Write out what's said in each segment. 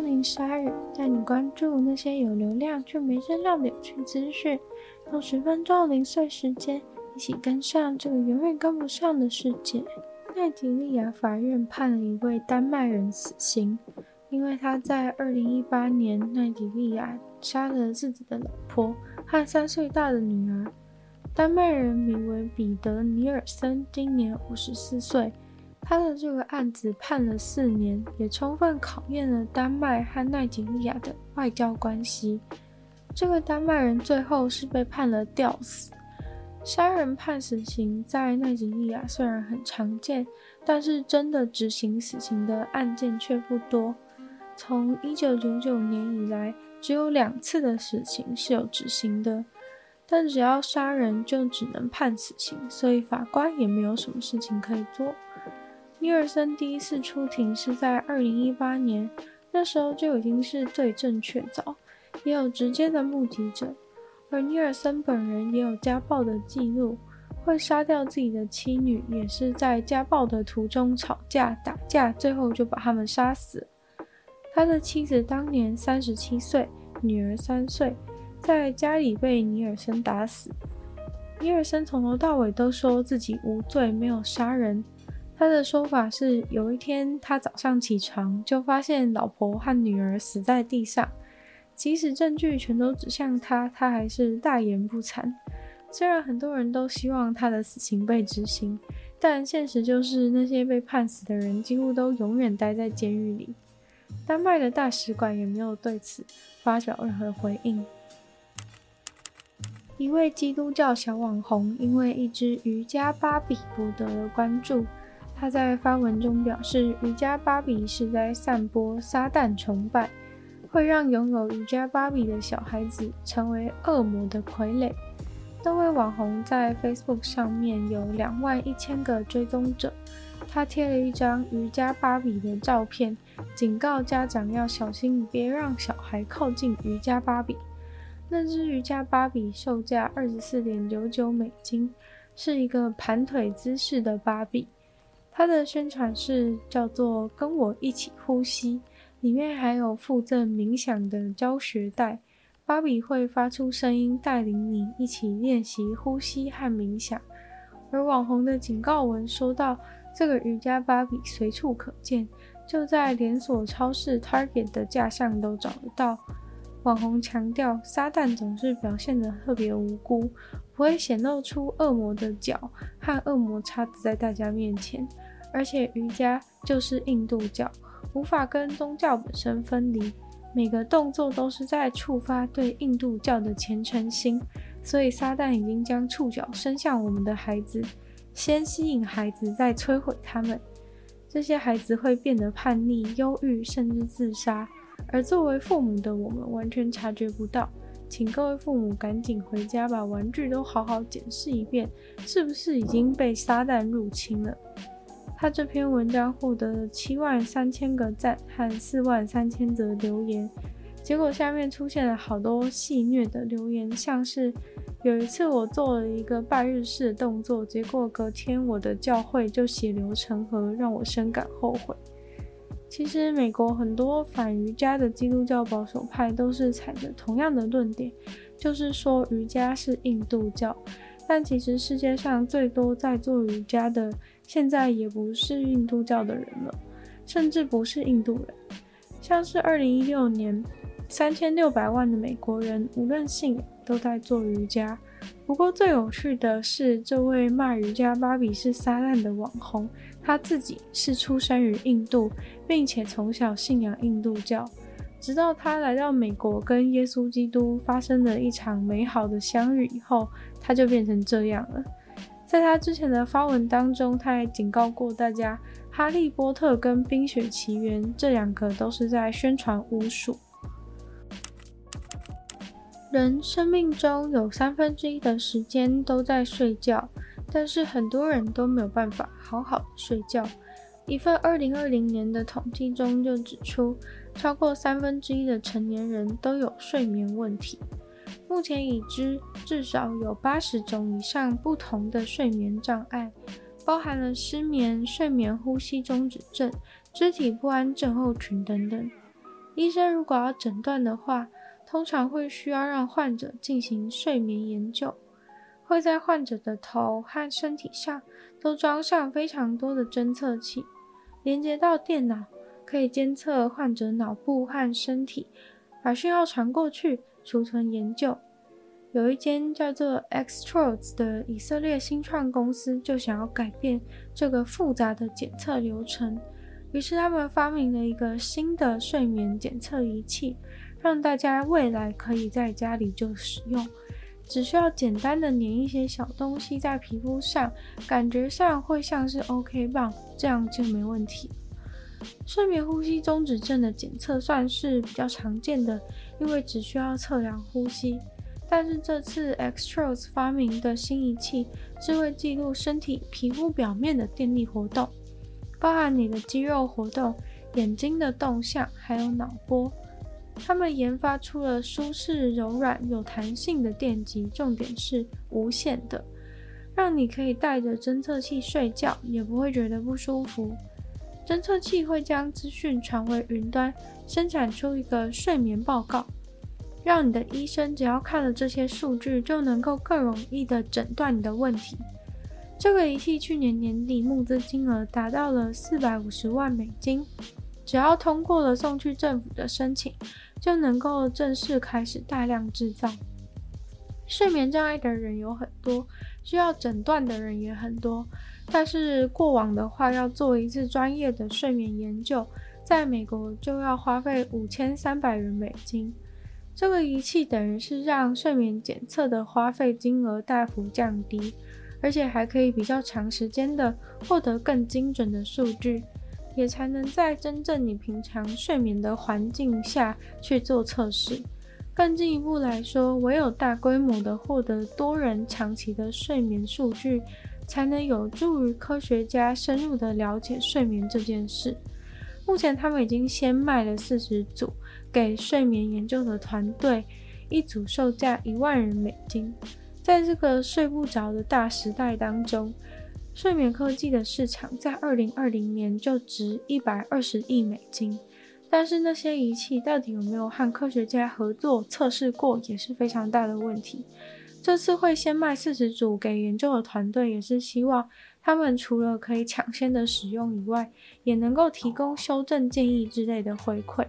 零鯊語帶你關注那些有流量卻沒聲量的有趣資訊，用十分鐘零碎時間，一起跟上這個永遠跟不上的世界。奈及利亞法院判了一位丹麥人死刑，因為他在2018年奈及利亞殺了自己的老婆和三歲大的女兒。丹麥人名為彼得尼爾森，今年五十四歲。他的這個案子判了四年，也充分考驗了丹麥和奈及利亞的外交關係。這個丹麥人最後是被判了吊死。殺人判死刑在奈及利亞雖然很常見，但是真的執行死刑的案件卻不多。從一九九九年以來，只有兩次的死刑是有執行的。但只要殺人就只能判死刑，所以法官也沒有什麼事情可以做。尼爾森第一次出庭是在二零一八年，那時候就已經是罪證確鑿，也有直接的目擊者。而尼爾森本人也有家暴的記錄，會殺掉自己的妻女，也是在家暴的途中吵架打架，最後就把他們殺死。他的妻子當年三十七歲，女兒三歲，在家裡被尼爾森打死。尼爾森從頭到尾都說自己無罪，沒有殺人。他的說法是，有一天他早上起床就發現老婆和女兒死在地上。即使證據全都指向他，他還是大言不慚。雖然很多人都希望他的死刑被執行，但現實就是那些被判死的人幾乎都永遠待在監獄裡。丹麥的大使館也沒有對此發表任何回應。一位基督教小網紅因為一只瑜伽芭比博得了關注。他在發文中表示：“瑜伽芭比是在散播撒旦崇拜，會讓擁有瑜伽芭比的小孩子成為惡魔的傀儡。”那位網紅在 Facebook 上面有兩萬一千個追蹤者。他貼了一張瑜伽芭比的照片，警告家長要小心，別讓小孩靠近瑜伽芭比。那隻瑜伽芭比售價二十四點九九美金，是一個盤腿姿勢的芭比。它的宣傳是叫做“跟我一起呼吸”，裡面還有附贈冥想的教學帶。芭比會發出聲音，帶領你一起練習呼吸和冥想。而網紅的警告文說到，這個瑜伽芭比隨處可見，就在連鎖超市 Target 的架上都找得到。網紅強調，撒旦總是表現得特別無辜，不會顯露出惡魔的角和惡魔叉子在大家面前。而且瑜伽就是印度教，無法跟宗教本身分離。每個動作都是在觸發對印度教的虔誠心。所以撒旦已經將觸角伸向我們的孩子，先吸引孩子，再摧毀他們。這些孩子會變得叛逆、憂鬱，甚至自殺。而作為父母的我們完全察覺不到。請各位父母趕緊回家，把玩具都好好檢視一遍，是不是已經被撒旦入侵了？他這篇文章獲得了七萬三千個讚和四萬三千則留言，結果下面出現了好多戲謔的留言，像是有一次我做了一個拜日式的動作，結果隔天我的教會就血流成河，讓我深感後悔。其實美國很多反瑜伽的基督教保守派都是踩着同樣的論點，就是說瑜伽是印度教，但其實世界上最多在做瑜伽的。現在也不是印度教的人了，甚至不是印度人。像是二零一六年，三千六百萬的美國人，無論信仰都在做瑜伽。不過最有趣的是，這位罵瑜伽芭比是撒旦的網紅，他自己是出生於印度，並且從小信仰印度教，直到他來到美國跟耶穌基督發生了一場美好的相遇以後，他就變成這樣了。在他之前的發文當中，他還警告過大家，《哈利波特》跟《冰雪奇緣》這兩個都是在宣傳巫術。人生命中有三分之一的時間都在睡覺，但是很多人都沒有辦法好好的睡覺。一份二零二零年的統計中就指出，超過三分之一的成年人都有睡眠問題。目前已知至少有八十種以上不同的睡眠障礙，包含了失眠、睡眠呼吸中止症、肢體不安症候群等等。醫生如果要診斷的話，通常會需要讓患者進行睡眠研究，會在患者的頭和身體上都裝上非常多的偵測器，連接到電腦，可以監測患者腦部和身體。把訊號傳過去，儲存研究。有一間叫做 X-trodes 的以色列新創公司，就想要改變這個複雜的檢測流程，於是他們發明了一個新的睡眠檢測儀器，讓大家未來可以在家裡就使用，只需要簡單的粘一些小東西在皮膚上，感覺上會像是 OK 棒，這樣就沒問題。睡眠呼吸中止症的檢測算是比較常見的，因為只需要測量呼吸。但是這次 X-trodes 發明的新儀器是會記錄身體皮膚表面的電力活動，包含你的肌肉活動、眼睛的動向，還有腦波。他們研發出了舒適、柔軟、有彈性的電極，重點是無線的，讓你可以帶着偵測器睡覺，也不會覺得不舒服。偵測器會將資訊傳回雲端，生產出一個睡眠報告，讓你的醫生只要看了這些數據，就能夠更容易的診斷你的問題。這個儀器去年年底募資金額達到了四百五十萬美金，只要通過了送去政府的申請，就能夠正式開始大量製造。睡眠障礙的人有很多。需要診斷的人也很多，但是過往的話，要做一次專業的睡眠研究，在美國就要花費五千三百元美金。這個儀器等於是讓睡眠檢測的花費金額大幅降低，而且還可以比較長時間的獲得更精準的數據，也才能在真正你平常睡眠的環境下去做測試。更進一步來說，唯有大規模的獲得多人長期的睡眠數據，才能有助於科學家深入的了解睡眠這件事。目前他們已經先賣了四十組給睡眠研究的團隊，一組售價一萬人美金。在這個睡不着的大時代當中，睡眠科技的市場在二零二零年就值一百二十億美金。但是那些儀器到底有沒有和科學家合作測試過，也是非常大的問題。這次會先賣四十組給研究的團隊，也是希望他們除了可以搶先的使用以外，也能夠提供修正建議之類的回饋。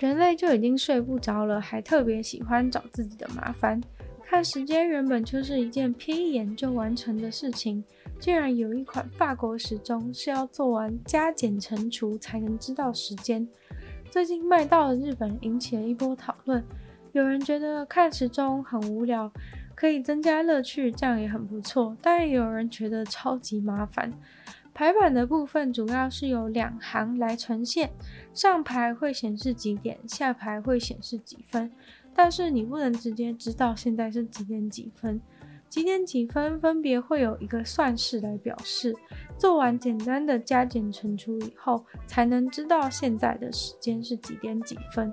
人類就已經睡不着了，還特別喜歡找自己的麻煩。看時間原本就是一件瞥一眼就完成的事情。竟然有一款法國時鐘是要做完加減乘除才能知道時間，最近賣到了日本，引起了一波討論。有人覺得看時鐘很無聊，可以增加樂趣，這樣也很不錯。但也有人覺得超級麻煩。排版的部分主要是由兩行來呈現，上排會顯示幾點，下排會顯示幾分，但是你不能直接知道現在是幾點幾分。幾點幾分分別會有一個算式，來表示，做完簡單的加減乘除以後，才能知道現在的時間是幾點幾分。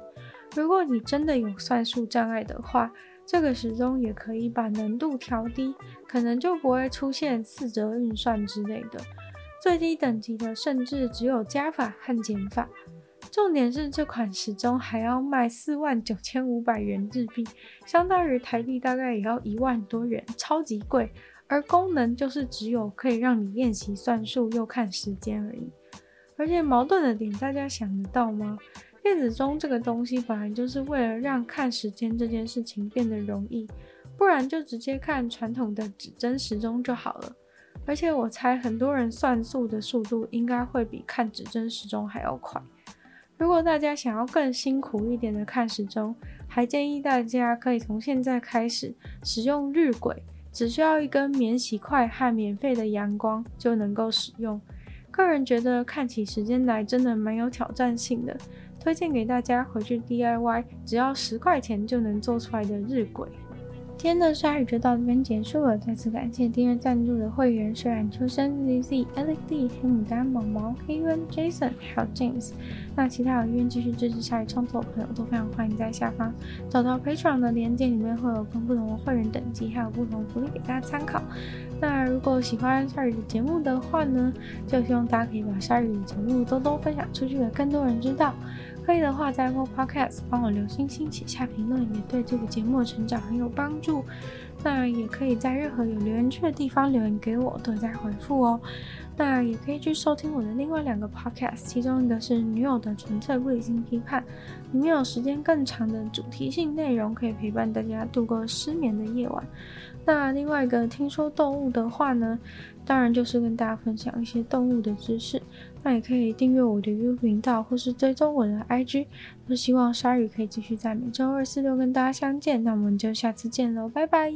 如果你真的有算術障礙的話，這個時鐘也可以把難度調低，可能就不會出現四則運算之類的。最低等級的甚至只有加法和減法。重點是這款時鐘還要賣四萬九千五百元日幣，相當於台幣大概也要一萬多元，超級貴。而功能就是只有可以讓你練習算術又看時間而已。而且矛盾的點，大家想得到嗎？電子鐘這個東西本來就是為了讓看時間這件事情變得容易，不然就直接看傳統的指針時鐘就好了。而且我猜很多人算數的速度應該會比看指針時鐘還要快。如果大家想要更辛苦一點的看時鐘，還建議大家可以從現在開始使用日晷，只需要一根免洗筷和免費的陽光就能夠使用。個人覺得看起時間來真的蠻有挑戰性的，推薦給大家回去 DIY，只要十塊錢就能做出來的日晷。今天的鯊魚就到這邊結束了，再次感謝訂閱贊助的會員：水染出生、Z Z、Alex D、黑牡丹、毛毛、Kevin、Jason、還有 James。那其他有意願繼續支持鯊魚創作的朋友，都非常歡迎在下方找到 Patreon 的鏈接，裡面會有不同的會員等級，還有不同福利給，給大家參考。那如果喜歡鯊魚的節目的話呢，就希望大家可以把鯊魚的節目多多分享出去，給更多人知道。可以的話，在 podcast 幫我留心心，寫下評論，也對這個節目的成長很有幫助。那也可以在任何有留言區的地方留言給我，等再回復哦。那也可以去收聽我的另外兩個 podcast，其中一個是《女友的純粹不理性批判》，裡面有時間更長的主題性內容，可以陪伴大家度過失眠的夜晚。那另外一個聽說動物的話呢，當然就是跟大家分享一些動物的知識。那也可以訂閱我的 YouTube 頻道，或是追蹤我的 IG。都希望鯊魚可以繼續在每周二、四、六跟大家相見。那我們就下次見嘍，拜拜。